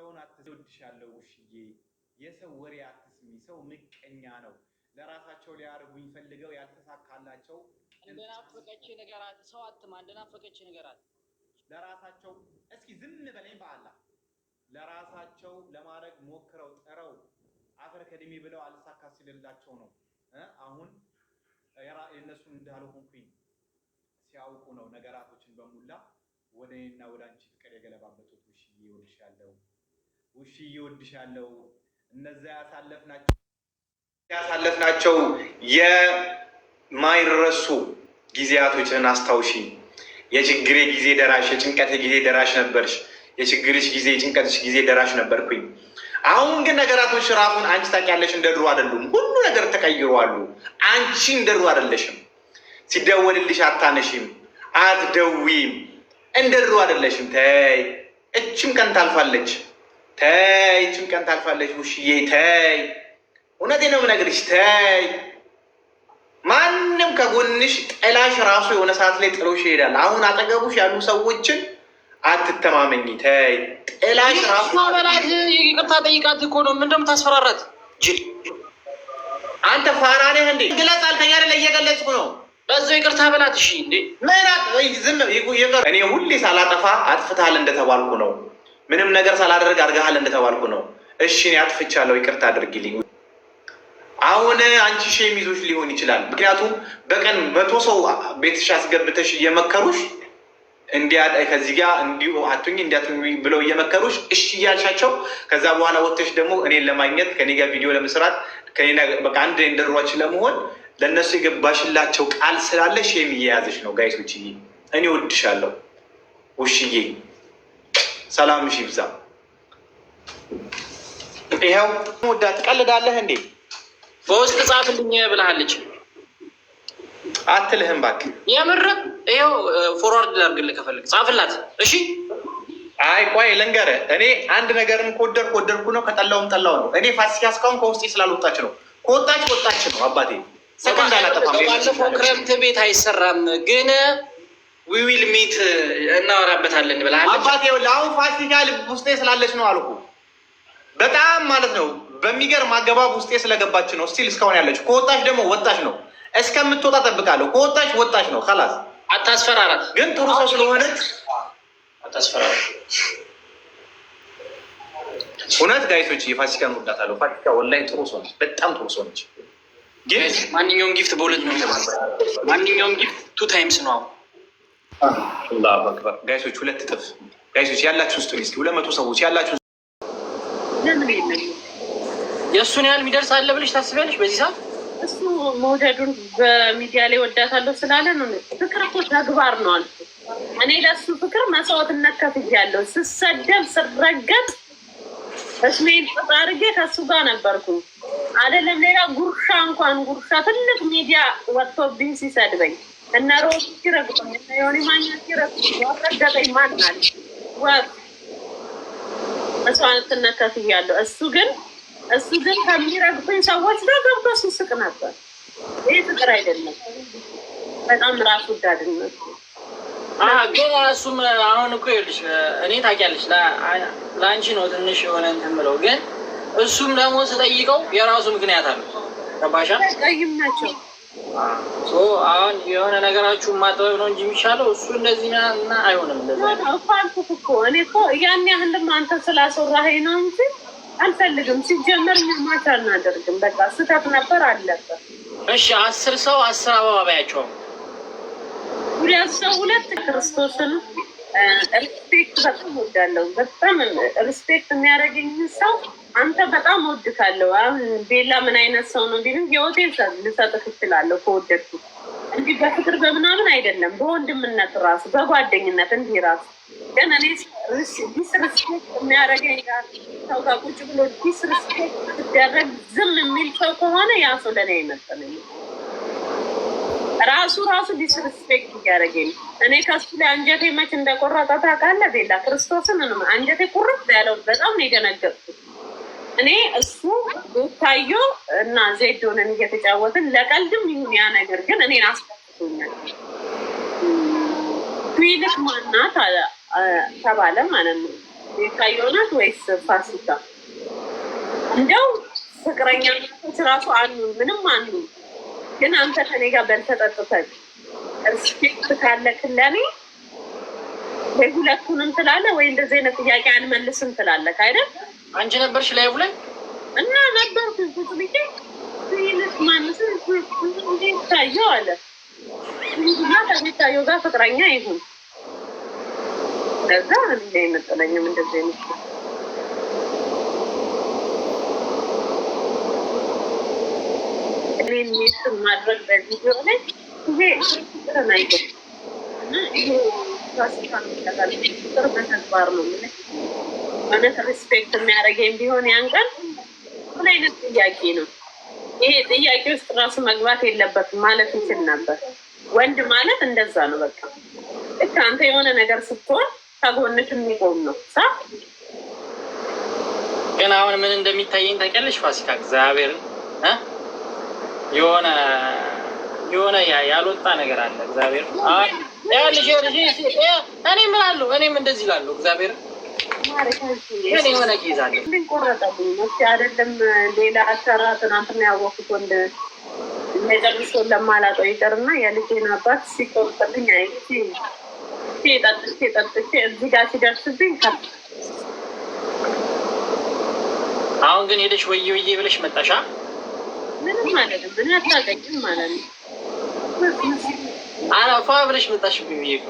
ሰውን አትወድሻለሁ ውሽዬ፣ የሰው ወሬ አትስሚ፣ ሰው ምቀኛ ነው። ለራሳቸው ሊያርጉኝ ፈልገው ያልተሳካላቸው እንደናፈቀች ነገራት። ሰው አትማ፣ እንደናፈቀች ነገራት። ለራሳቸው እስኪ ዝም በለኝ በአላ ለራሳቸው ለማድረግ ሞክረው ጥረው አፈር ከድሜ ብለው አልሳካ ሲልላቸው ነው። አሁን የእነሱ እንዳልሆንኩኝ ሲያውቁ ነው ነገራቶችን በሙላ ወደ እኔና ወደ አንቺ ፍቅር የገለባበጡት። ውሽዬ እወድሻለሁ ውሽዬ እወድሻለሁ እነዛ ያሳለፍናቸው ያሳለፍናቸው የማይረሱ ጊዜያቶችን አስታውሺ። የችግሬ ጊዜ ደራሽ፣ የጭንቀቴ ጊዜ ደራሽ ነበርሽ። የችግርሽ ጊዜ፣ የጭንቀትሽ ጊዜ ደራሽ ነበርኩኝ። አሁን ግን ነገራቶች ራሱን አንቺ ታውቂያለሽ፣ እንደ ድሮ አይደሉም። ሁሉ ነገር ተቀይሯሉ። አንቺ እንደ ድሮ አይደለሽም። ሲደወልልሽ አታነሽም፣ አትደዊም። እንደ ድሮ አይደለሽም። ተይ፣ እችም ቀን ታልፋለች። ተይ፣ ይህችም ቀን ታልፋለች። ውሽዬ ተይ፣ እውነቴ ነው የምነግርሽ። ተይ፣ ማንም ከጎንሽ ጠላሽ ራሱ የሆነ ሰዓት ላይ ጥሎሽ ይሄዳል። አሁን አጠገቡሽ ያሉ ሰዎችን አትተማመኝ። ተይ፣ ጥላሽ ራሱ በላት። ይቅርታ ጠይቃት እኮ ነው። ምንድነው ታስፈራራት? ጅል? አንተ ፋራ ነህ እንዴ? ግለጽ አልከኝ ላይ እየገለጽኩ ነው። በዛው ይቅርታ በላት። እሺ እንዴ? ምን ይቅር። እኔ ሁሌ ሳላጠፋ አጥፍታል እንደተባልኩ ነው ምንም ነገር ሳላደርግ አድርገሃል እንደተባልኩ ነው። እሺ እኔ አጥፍቻለሁ፣ ይቅርታ አድርጊልኝ። አሁን አንቺ ሼም ይዞሽ ሊሆን ይችላል። ምክንያቱም በቀን መቶ ሰው ቤትሽ አስገብተሽ እየመከሩሽ ከዚህ ጋር እንዲሁ አቱኝ እንዲያቱኝ ብለው እየመከሩሽ እሺ እያልሻቸው ከዛ በኋላ ወጥተሽ ደግሞ እኔን ለማግኘት ከኔ ጋር ቪዲዮ ለመስራት በቃ አንድ እንደሯች ለመሆን ለእነሱ የገባሽላቸው ቃል ስላለ ሼም እየያዘሽ ነው። ጋይቶች እኔ ወድሻለሁ ውሽዬ ሰላምሽ ይብዛ። ይኸው ወዳ ትቀልዳለህ እንዴ? በውስጥ ጻፍልኝ ብላለች። አትልህም እባክህ የምር ይኸው ፎርዋርድ ላድርግልህ ከፈለግ ጻፍላት። እሺ አይ ቆይ ልንገርህ፣ እኔ አንድ ነገርን ከወደድኩ ወደድኩ ነው፣ ከጠላውም ጠላው ነው። እኔ ፋሲካ እስካሁን ከውስጤ ስላልወጣች ነው። ከወጣች ወጣች ነው አባቴ። ሰከንድ አላጠፋም። ባለፈው ክረምት ቤት አይሰራም ግን ዊዊል ሚት uh, እናወራበታለን ብላ አባቴ ለአሁን ፋሲካ ውስጤ ስላለች ነው አልኩ። በጣም ማለት ነው በሚገርም አገባብ ውስጤ ስለገባች ነው ስቲል እስካሁን ያለች። ከወጣች ደግሞ ወጣች ነው እስከምትወጣ ጠብቃለሁ። ከወጣች ወጣች ነው ላስ አታስፈራራት። ግን ጥሩ ሰው ስለሆነች አታስፈራራት። እውነት ጋይቶች የፋሲካን ወዳታለሁ። ፋሲካ ወላሂ ጥሩ ሰው ነች፣ በጣም ጥሩ ሰው ነች። ማንኛውም ጊፍት በሁለት ነው። ማንኛውም ጊፍት ቱ ታይምስ ነው አሁን አላሁ አክበር ጋይሶች፣ ሁለት እጥፍ ጋይሶች፣ ያላችሁ ስጡኝ እስኪ ሁለት መቶ ሰዎች ያላችሁ የእሱን ያህል የሚደርስ አለ ብለሽ ታስቢያለሽ? በዚህ ሰዓት እሱ መውደዱን በሚዲያ ላይ ወዳታለሁ ስላለ ፍቅር እኮ ተግባር ነው አልኩ። እኔ ለሱ ፍቅር መስዋዕትነት ከፍያለሁ። ስሰደብ ስረገጥ እስሜን ጥጥ አድርጌ ከሱ ጋር ነበርኩ። አይደለም ሌላ ጉርሻ እንኳን ጉርሻ ትልቅ ሚዲያ ወጥቶብኝ ሲሰድበኝ እነ ሮዝ ሲረግጡኝ እነ ዮኒ ማኛ ሲረግጡኝ ማን አለ እሱ ግን እሱ ግን ከሚረግጡኝ ሰዎች ጋር ገብቶ ሲስቅ ነበር። ይህ ፍቅር አይደለም፣ በጣም ራስ ወዳድነት። ግን እሱም አሁን እኮ ይኸውልሽ፣ እኔ ታውቂያለሽ፣ ለአንቺ ነው ትንሽ የሆነ እንትን ብለው፣ ግን እሱም ደግሞ ስጠይቀው የራሱ ምክንያት አለ። ገባሻ? ጠይም ናቸው አሁን የሆነ ነገራችሁ ማጥበብ ነው እንጂ የሚሻለው እሱ እንደዚህ እና አይሆንም። እንደዚህ ያን ያህልም አንተ ስላስወራኸኝ ነው እንጂ አልፈልግም። ሲጀመር ማታ አናደርግም። በቃ ስህተት ነበር አለበት። እሺ አስር ሰው አስር አበባ ባያቸው ሁለት ሰው ሁለት ክርስቶስን ሪስፔክት በጣም ወዳለው በጣም ሪስፔክት የሚያደርገኝ ሰው አንተ በጣም ወድካለሁ። አሁን ቤላ ምን አይነት ሰው ነው ቢልም የሆቴል ልሰጥህ እችላለሁ ከወደድኩ እንዲህ በፍቅር በምናምን አይደለም፣ በወንድምነት ራሱ በጓደኝነት እንዲህ ራሱ ግን እኔ ዲስርስፔክት የሚያደርገኝ ጋር ሰው ጋር ቁጭ ብሎ ዲስርስፔክት ሲደረግ ዝም የሚል ሰው ከሆነ ያ ሰው ለእኔ አይመጥነኝ። ራሱ ራሱ ዲስርስፔክት እያደረገኝ እኔ ከሱ ላይ አንጀቴ መች እንደቆረጠ ታውቃለህ ቤላ ክርስቶስን ምንም አንጀቴ ቁርጥ ያለው በጣም ነው የደነገጥኩት። እኔ እሱ ታዩ እና ዜዶንን እየተጫወትን ለቀልድም ይሁን ያ ነገር ግን እኔን አስፈትቶኛል። ትዊልሽ ማናት ተባለ ማለት ነው። ታዩ ናት ወይስ ፋሲካ? እንደው ፍቅረኛ ስራሱ አኑ ምንም አኑ ግን አንተ ከኔ ጋር በልተጠጥተን ሪስፔክት ካለክ ለኔ ወይ ሁለቱንም ትላለህ ወይ እንደዚህ አይነት ጥያቄ አልመልስም ትላለህ አይደል? አንቺ ነበርሽ ላይ ብለን እና ነበር ታየው አለ ታየው ጋር ፍቅረኛ ይሁን ለዛ አይመጠለኝም እንደዚህ አይነት ማድረግ በቪዲዮ ላይ ይሄ በተግባር ነው እውነት ሪስፔክት የሚያደርገኝ ቢሆን ያን ቀን ምን አይነት ጥያቄ ነው ይሄ? ጥያቄ ውስጥ ራሱ መግባት የለበትም ማለት ይችል ነበር። ወንድ ማለት እንደዛ ነው። በቃ ልክ አንተ የሆነ ነገር ስትሆን ከጎንሽ የሚቆም ነው ሳ ግን አሁን ምን እንደሚታየኝ ታውቂያለሽ? ፋሲካ እግዚአብሔርን የሆነ የሆነ ያልወጣ ነገር አለ እግዚአብሔር ልጅ እኔ ምን አለው እኔም እንደዚህ ላለሁ እግዚአብሔር አይደለም ሌላ አሰራ ትናንትና ወንድ ለማላጠው ይቅርና የልጄን አባት ሲቆርጥልኝ ጠጥቼ ጠጥቼ እዚህ ጋር ሲደርስብኝ አሁን ግን ሄደሽ ወዬ ወዬ ብለሽ መጣሻ። ምንም ማለት ምን ያታቀኝም ማለት ነው። አላ ፏ ብለሽ መጣሽ ብዬሽ እኮ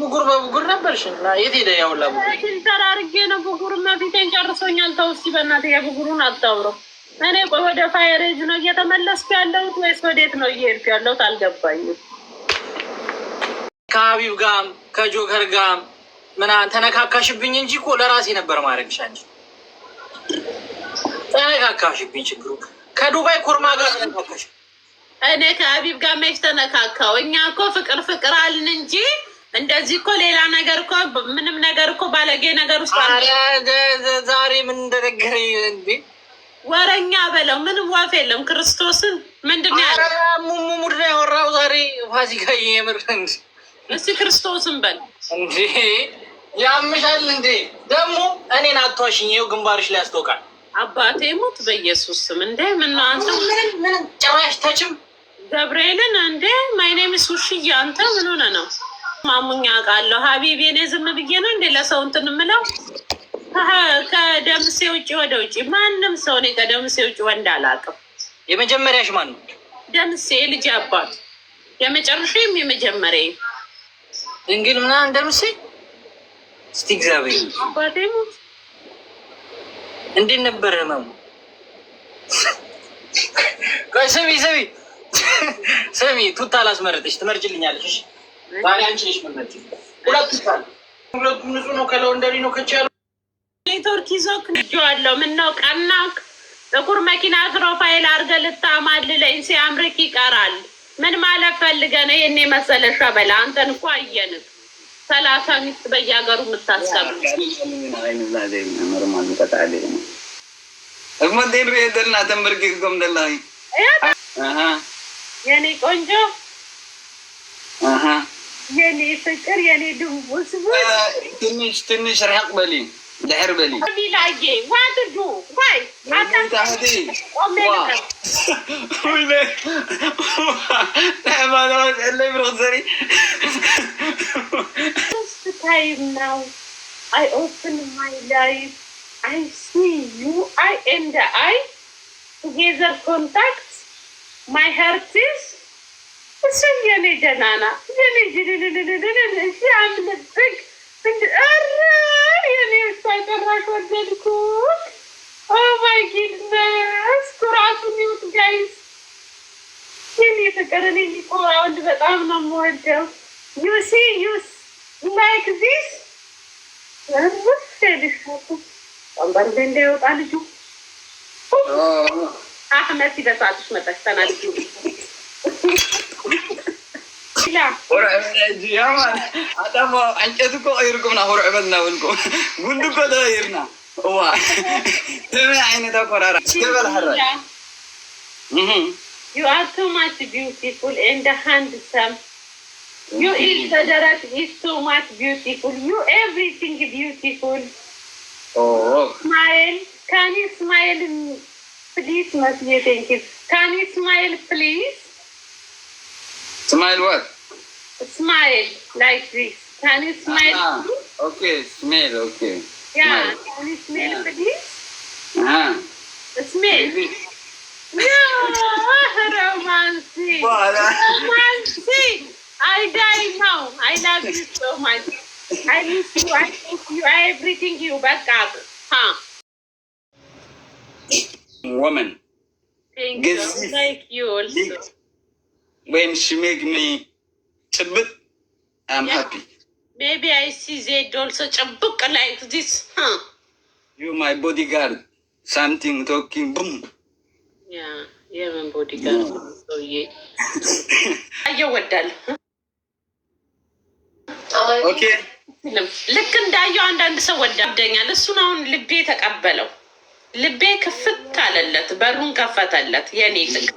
ብጉር በብጉር ነበርሽ የት ሄደ? ፊልተር አድርጌ ነው ብጉር መፊቴን ጨርሶኛል። ተው እስኪ በእናትህ የብጉሩን አታውረው። እኔ ቆይ ወደ ፋይሬጅ ነው እየተመለስኩ ያለሁት ወይስ ወዴት ነው እየሄድኩ ያለሁት? አልገባኝም። ከሀቢብ ጋም ከጆከር ጋም ምናምን ተነካካሽብኝ እንጂ እኮ ለራሴ ነበር ተነካካሽብኝ። ችግሩ ከዱባይ ኮርማ ጋር ተነካካሽ እኔ ከአቢብ ጋር መች ተነካካው? እኛ እኮ ፍቅር ፍቅር አልን እንጂ እንደዚህ እኮ ሌላ ነገር እኮ ምንም ነገር እኮ ባለጌ ነገር ውስጥ ዛሬ ምን እንደነገረ እንዲ ወረኛ በለው ምንም ዋፍ የለም። ክርስቶስን ምንድን ያለ ሙሙሙድ ነው ያወራው ዛሬ ፋሲካ የምር እስቲ ክርስቶስን በል እንዲ ያምሻል እንዴ ደግሞ እኔን አቷሽኝ ይኸው ግንባርሽ ላይ ያስታውቃል። አባቴ ሞት በኢየሱስ ስም እንዴ ምናንተ ምን ጭራሽ ተችም ገብርኤልን እንዴ ማይኔምስ ውሽዬ አንተ ምን ሆነ ነው ማሙኛ ቃለሁ ሀቢብ የኔ ዝም ብዬ ነው እንዴ ለሰው እንትን የምለው ከደምሴ ውጭ ወደ ውጭ ማንም ሰው እኔ ከደምሴ ውጭ ወንድ አላውቅም። የመጀመሪያሽ ማን ነው? ደምሴ ልጅ አባት የመጨረሻም የመጀመሪያ ድንግል ምናምን ደምሴ እስቲ እግዚአብሔር አባቴ እንዴት ነበረ ማሙ ቆይ ስሚ ስሚ ስሚ ቱታ ላስመረጥሽ፣ ትመርጭልኛለሽ? ዛሬ አንቺ ነሽ ምመርጭ። ሁለት ታል ሁለቱ ንጹህ ነው፣ ከለወንደሪ ነው። ከቻ ኔትወርክ ይዞክ ልጅ አለው። ምን ነው ቀናክ? ጥቁር መኪና ፕሮፋይል አርገ ልታማልለኝ ሲያምርክ ይቀራል። ምን ማለት ፈልገ ነው? ይህኔ መሰለ ሸበላ። አንተን እኮ አየንክ። ሰላሳ ሚስት በየሀገሩ የምታሰብ እሞ ዴንሬ ደና ተንበርጌ ጎምደላ የኔ ቆንጆ የኔ ፍቅር የኔ ድንቡስ ትንሽ ትንሽ ርሕቅ በሊ ድሕር በሊ ቢላየ ዋትዱ ወይ ታህቲ ሃይማኖት ለይ ብርክዘሪ ታይም ናው አይ ኦፕን ማይ ላይፍ አይ ሲ ዩ አይ ኤንድ አይ ቱጌዘር ኮንታክት ማይ ሀርቲስ እሱ የኔ ደናና የኔ ያምልብግ እንድር የኔ እሱ አይጠራሽ ወደድኩት። ኦ ማይ ጊድነስ ኩራቱን ይውት ጋይስ የኔ ፍቅር እኔ ወንድ በጣም ነው የምወደው። ዩሲ ዩስ ላይክ ዚስ ርፍ ልሽ ወንበር እንዳይወጣ ልጁ አህመድ ሲደሳትሽ መጣች ተናድጅ አዳሞ አንጨት እኮ ቀይርኩምና ሆሮ ዕበልና ውልቁ ጉንድ እኮ ተቀይርና እዋ ትምን ዓይነት አኮራራ ተበልሐራ You are too much beautiful and handsome. You is በደረት is too much beautiful. You everything beautiful. Oh. Smile. Can you smile? please, Masjid, thank you. Can you smile, please? Smile what? Smile, like this. Can you smile? Ah, okay, smile, okay. Yeah, smile. can you smile, yeah. please? Ah. Smile. No, romancy. Romantic. I die now. I love you so much. I miss you. I miss you. I everything you back up. Huh? woman Thank gives you. me Like you also. when she make me ጭብጥ I'm Yeah. happy. Maybe I see Zed also chabuk like this. Huh? You my bodyguard. Something talking boom. Yeah. የምን ቦዲጋር ነው ሰውዬ? አየሁ እወዳለሁ። Okay. ልክ እንዳየው አንዳንድ ሰው ወዳደኛል። እሱን አሁን ልቤ ተቀበለው። ልቤ ክፍት አለለት፣ በሩን ከፈተለት። የኔ ልቅ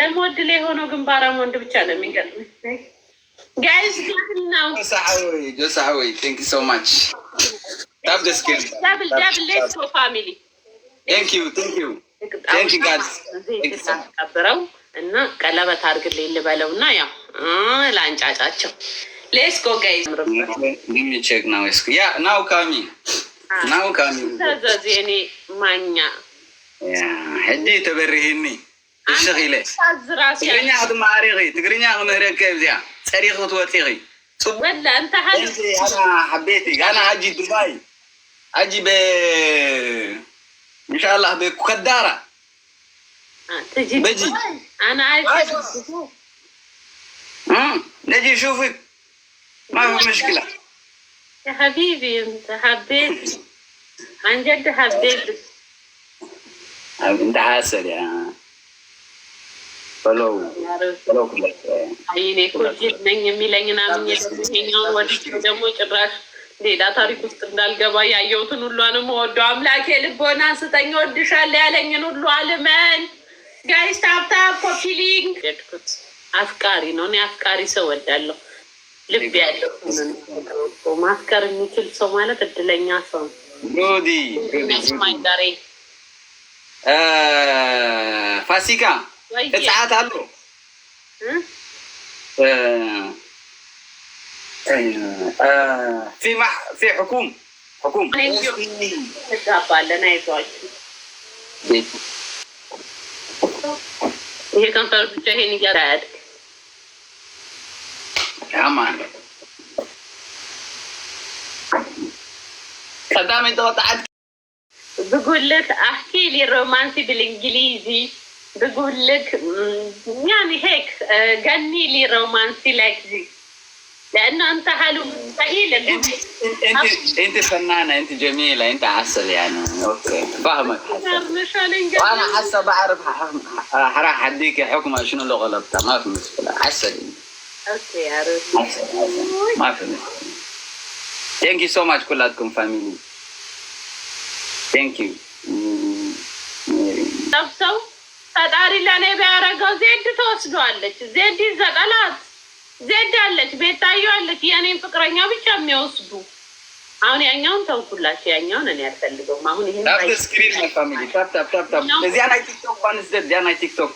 ደግሞ እድል የሆነው ግን ባራም ወንድ ብቻ ነው የሚገርምህ። ጋይስ ነው ቀብረው እና ቀለበት አድርግልኝ ልበለው እና ያው ለአንጫጫቸው ሌስኮ ጋይስ ያ ናው ካሚ ናውካሚታዘዝ እኔ ማኛ ሕጂ ተበሪህኒ እሽኺ ኢለ ትግርኛ ክትመሃሪኺ ትግርኛ ክምህረከ ብዚኣ ፀሪኽ ክትወፂኺ ሓቤቲ ኣነ ሓጂ ዱባይ ሓጂ እንሻላ በኩከዳራ በጂ ነጂ ሹፍክ ማ مشكله حبيبي حبيت عن جد انت حاسر يا ደግሞ ጭራሽ ሌላ ታሪክ ውስጥ እንዳልገባ ያየሁትን ሁሉ ወዶ አምላኬ ልቦና ወድሻል ያለኝን ሁሉ አልመን ጋይስ ታፕታፕ ኮፒሊንግ አፍቃሪ ነው። እኔ አፍቃሪ ሰው ወዳለሁ። ልብ ያለው ማስከር የሚችል ሰው ማለት እድለኛ ሰው ነውስማኝ ዛሬ ፋሲካ እጽዓት አሉ ይሄ ከንፈር ብቻ ይሄን እያያድግ ஆமா خدامي دوت عد بقول لك احكي لي رومانسي بالانجليزي بقول لك يعني هيك غني لي رومانسي لك ذي لانه انت حلو مستحيل انت انت انت فنانه انت جميله انت عسل يعني اوكي فاهمك وانا حاسه بعرف راح اديك حكمه شنو اللغه غلطتها ما في مشكله عسل انت ቴንክ ዩ ሶ ማች ኩላትኩም ፋሚሊ ቴንክ ዩ። ሰብሰው ፈጣሪ ለእኔ ቢያደርገው ዜድ ትወስዷለች። ዜድ ይዘጠላት ዜድ አለች፣ ቤታዮ አለች። የእኔን ፍቅረኛ ብቻ የሚወስዱ አሁን ያኛውን ተውኩላቸው፣ ያኛውን እኔ አልፈልገውም። አሁን ይሄን ስክሪን ፋሚሊ ታፕ ናይ ቲክቶክ ዚያ ናይ ቲክቶክ